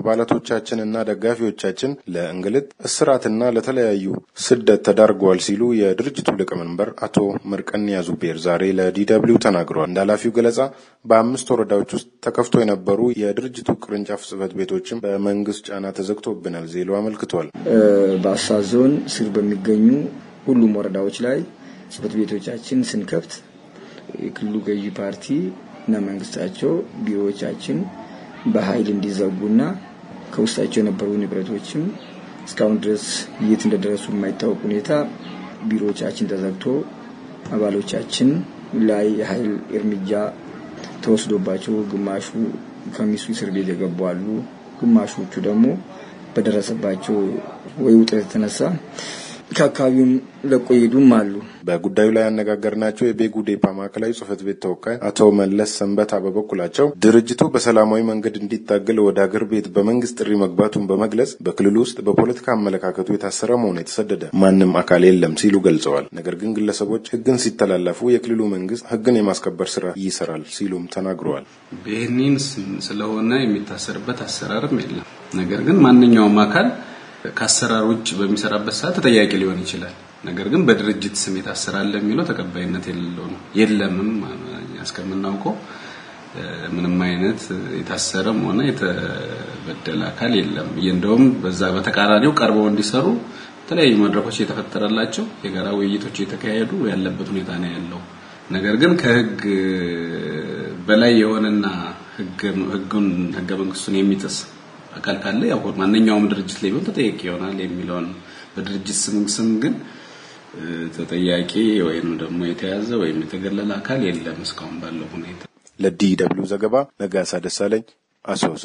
አባላቶቻችንና ደጋፊዎቻችን ለእንግልት እስራትና ለተለያዩ ስደት ተዳርገዋል ሲሉ የድርጅቱ ሊቀመንበር አቶ መርቀንያ ዙቤር ዛሬ ለዲደብሊው ተናግሯል። እንደ ኃላፊው ገለጻ በአምስት ወረዳዎች ውስጥ ተከፍቶ የነበሩ የድርጅቱ ቅርንጫፍ ጽህፈት ቤቶችም በመንግስት ጫና ተዘግቶብናል ሲሉ አመልክቷል። በአሳ ዞን ስር በሚገኙ ሁሉም ወረዳዎች ላይ ጽህፈት ቤቶቻችን ስንከፍት የክልሉ ገዢ ፓርቲ እና መንግስታቸው ቢሮዎቻችን በኃይል እንዲዘጉና ከውስጣቸው የነበሩ ንብረቶችም እስካሁን ድረስ የት እንደደረሱ የማይታወቅ ሁኔታ ቢሮዎቻችን ተዘግቶ አባሎቻችን ላይ የኃይል እርምጃ ተወስዶባቸው ግማሹ ከሚሱ እስር ቤት የገቡ አሉ። ግማሾቹ ደግሞ በደረሰባቸው ወይ ውጥረት የተነሳ ከአካባቢውም ለቆ ይሄዱም አሉ። በጉዳዩ ላይ ያነጋገርናቸው የቤጉዴፓ ማዕከላዊ ጽህፈት ቤት ተወካይ አቶ መለስ ሰንበታ በበኩላቸው ድርጅቱ በሰላማዊ መንገድ እንዲታገል ወደ አገር ቤት በመንግስት ጥሪ መግባቱን በመግለጽ በክልሉ ውስጥ በፖለቲካ አመለካከቱ የታሰረ መሆኑ የተሰደደ ማንም አካል የለም ሲሉ ገልጸዋል። ነገር ግን ግለሰቦች ህግን ሲተላለፉ የክልሉ መንግስት ህግን የማስከበር ስራ ይሰራል ሲሉም ተናግረዋል። ይህንን ስለሆነ የሚታሰርበት አሰራርም የለም። ነገር ግን ማንኛውም አካል ከአሰራር ውጭ በሚሰራበት ሰዓት ተጠያቂ ሊሆን ይችላል። ነገር ግን በድርጅት ስም የታሰራለ የሚለው ተቀባይነት የሌለው ነው። የለምም እስከምናውቀው ምንም አይነት የታሰረም ሆነ የተበደለ አካል የለም። እንደውም በዛ በተቃራኒው ቀርበው እንዲሰሩ የተለያዩ መድረኮች የተፈጠረላቸው የጋራ ውይይቶች የተካሄዱ ያለበት ሁኔታ ነው ያለው። ነገር ግን ከህግ በላይ የሆነና ህገ መንግስቱን የሚጥስ አካል ካለ ያው ማንኛውም ድርጅት ላይ ቢሆን ተጠያቂ ይሆናል የሚለውን በድርጅት ስም ስም ግን ተጠያቂ ወይም ደግሞ የተያዘ ወይም የተገለለ አካል የለም እስካሁን ባለው ሁኔታ። ለዲ ደብልዩ ዘገባ ነጋሳ ደሳለኝ አሶሳ